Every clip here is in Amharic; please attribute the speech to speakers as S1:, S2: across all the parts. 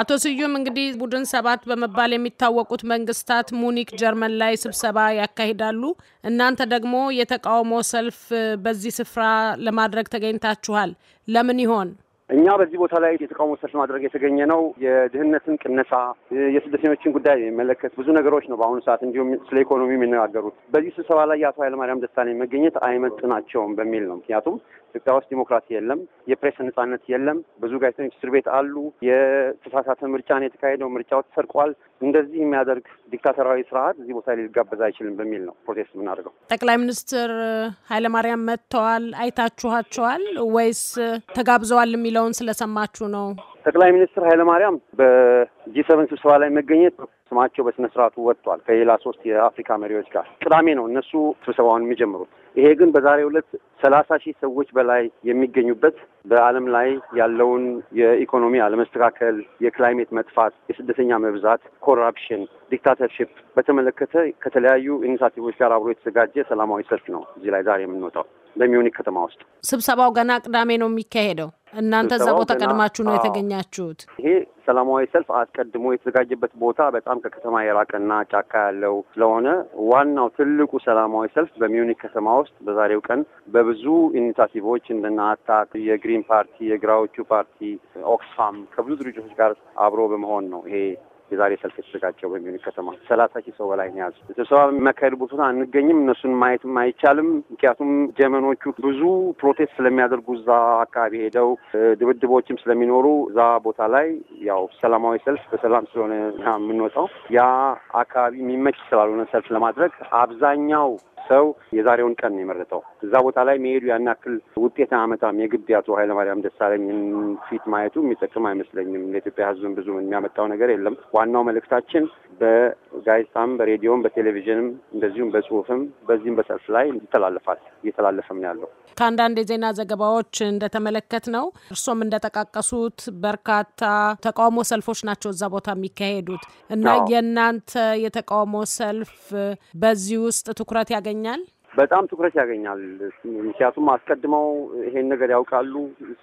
S1: አቶ ስዩም እንግዲህ ቡድን ሰባት በመባል የሚታወቁት መንግስታት ሙኒክ ጀርመን ላይ ስብሰባ ያካሂዳሉ። እናንተ ደግሞ የተቃውሞ ሰልፍ በዚህ ስፍራ ለማድረግ ተገኝታችኋል። ለምን ይሆን?
S2: እኛ በዚህ ቦታ ላይ የተቃውሞ ሰልፍ ማድረግ የተገኘ ነው የድህነትን ቅነሳ፣ የስደተኞችን ጉዳይ የሚመለከት ብዙ ነገሮች ነው በአሁኑ ሰዓት እንዲሁም ስለ ኢኮኖሚ የሚነጋገሩት። በዚህ ስብሰባ ላይ የአቶ ኃይለማርያም ደሳለኝ መገኘት አይመጥናቸውም በሚል ነው። ምክንያቱም ኢትዮጵያ ውስጥ ዲሞክራሲ የለም፣ የፕሬስ ነጻነት የለም፣ ብዙ ጋዜጠኞች እስር ቤት አሉ፣ የተሳሳተ ምርጫ ነው የተካሄደው፣ ምርጫው ተሰርቋል። እንደዚህ የሚያደርግ ዲክታተራዊ ስርዓት እዚህ ቦታ ሊጋበዝ አይችልም በሚል ነው ፕሮቴስት የምናደርገው።
S1: ጠቅላይ ሚኒስትር ኃይለማርያም መጥተዋል፣ አይታችኋቸዋል ወይስ ተጋብዘዋል የሚለው የሚለውን ስለሰማችሁ ነው?
S2: ጠቅላይ ሚኒስትር ኃይለማርያም በ ጂ7 ስብሰባ ላይ መገኘት ስማቸው በስነ ስርዓቱ ወጥቷል። ከሌላ ሶስት የአፍሪካ መሪዎች ጋር ቅዳሜ ነው እነሱ ስብሰባውን የሚጀምሩት። ይሄ ግን በዛሬው ዕለት ሰላሳ ሺህ ሰዎች በላይ የሚገኙበት በዓለም ላይ ያለውን የኢኮኖሚ አለመስተካከል፣ የክላይሜት መጥፋት፣ የስደተኛ መብዛት፣ ኮራፕሽን፣ ዲክታተርሽፕ በተመለከተ ከተለያዩ ኢኒሳቲቮች ጋር አብሮ የተዘጋጀ ሰላማዊ ሰልፍ ነው እዚህ ላይ ዛሬ የምንወጣው በሚዩኒክ ከተማ ውስጥ።
S1: ስብሰባው ገና ቅዳሜ ነው የሚካሄደው። እናንተ እዛ ቦታ ቀድማችሁ ነው የተገኛችሁት።
S2: ይሄ ሰላማዊ ሰልፍ አስቀድሞ የተዘጋጀበት ቦታ በጣም ከከተማ የራቀና ጫካ ያለው ስለሆነ ዋናው ትልቁ ሰላማዊ ሰልፍ በሚኒክ ከተማ ውስጥ በዛሬው ቀን በብዙ ኢኒሻቲቮች እንደና አታክ፣ የግሪን ፓርቲ፣ የግራዎቹ ፓርቲ፣ ኦክስፋም ከብዙ ድርጅቶች ጋር አብሮ በመሆን ነው ይሄ የዛሬ ሰልፍ የተዘጋጀው በሚኒክ ከተማ ሰላሳ ሺህ ሰው በላይ ነው ስብሰባ የሚያካሄድ ቦታ አንገኝም፣ እነሱን ማየትም አይቻልም። ምክንያቱም ጀመኖቹ ብዙ ፕሮቴስት ስለሚያደርጉ እዛ አካባቢ ሄደው ድብድቦችም ስለሚኖሩ እዛ ቦታ ላይ ያው ሰላማዊ ሰልፍ በሰላም ስለሆነ የምንወጣው ያ አካባቢ የሚመች ስላልሆነ ሰልፍ ለማድረግ አብዛኛው ሰው የዛሬውን ቀን ነው የመረጠው። እዛ ቦታ ላይ መሄዱ ያን ያክል ውጤት አመጣም። የግድ አቶ ኃይለማርያም ደሳለኝ ፊት ማየቱ የሚጠቅም አይመስለኝም። ለኢትዮጵያ ሕዝብም ብዙ የሚያመጣው ነገር የለም። ዋናው መልእክታችን በጋዜጣም በሬዲዮም በቴሌቪዥንም እንደዚሁም በጽሁፍም በዚህም በሰልፍ ላይ ይተላለፋል እየተላለፈም ያለው
S1: ከአንዳንድ የዜና ዘገባዎች እንደተመለከት ነው። እርሶም እንደጠቃቀሱት በርካታ ተቃውሞ ሰልፎች ናቸው እዛ ቦታ የሚካሄዱት እና የእናንተ የተቃውሞ ሰልፍ በዚህ ውስጥ ትኩረት ያገኛል?
S2: በጣም ትኩረት ያገኛል። ምክንያቱም አስቀድመው ይሄን ነገር ያውቃሉ።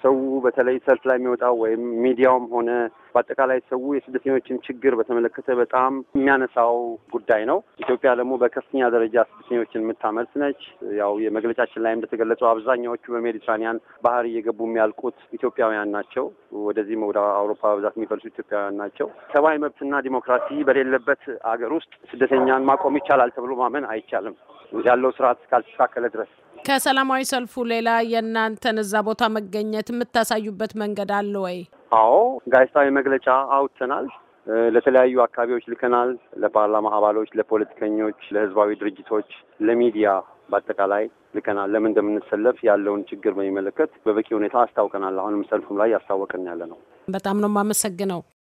S2: ሰው በተለይ ሰልፍ ላይ የሚወጣው ወይም ሚዲያውም ሆነ በአጠቃላይ ሰው የስደተኞችን ችግር በተመለከተ በጣም የሚያነሳው ጉዳይ ነው። ኢትዮጵያ ደግሞ በከፍተኛ ደረጃ ስደተኞችን የምታመርት ነች። ያው የመግለጫችን ላይ እንደተገለጸው አብዛኛዎቹ በሜዲትራኒያን ባህር እየገቡ የሚያልቁት ኢትዮጵያውያን ናቸው። ወደዚህም ወደ አውሮፓ በብዛት የሚፈልሱ ኢትዮጵያውያን ናቸው። ሰብአዊ መብትና ዲሞክራሲ በሌለበት አገር ውስጥ ስደተኛን ማቆም ይቻላል ተብሎ ማመን አይቻልም። ያለው ስርዓት እስካልተሻከለ ድረስ
S1: ከሰላማዊ ሰልፉ ሌላ የእናንተን እዛ ቦታ መገኘት የምታሳዩበት መንገድ አለ ወይ?
S2: አዎ ጋዜጣዊ መግለጫ አውጥተናል። ለተለያዩ አካባቢዎች ልከናል። ለፓርላማ አባሎች፣ ለፖለቲከኞች፣ ለህዝባዊ ድርጅቶች፣ ለሚዲያ በአጠቃላይ ልከናል። ለምን እንደምንሰለፍ ያለውን ችግር በሚመለከት በበቂ ሁኔታ አስታውቀናል። አሁንም ሰልፉም ላይ ያስታወቅን ያለ ነው።
S1: በጣም ነው የማመሰግነው።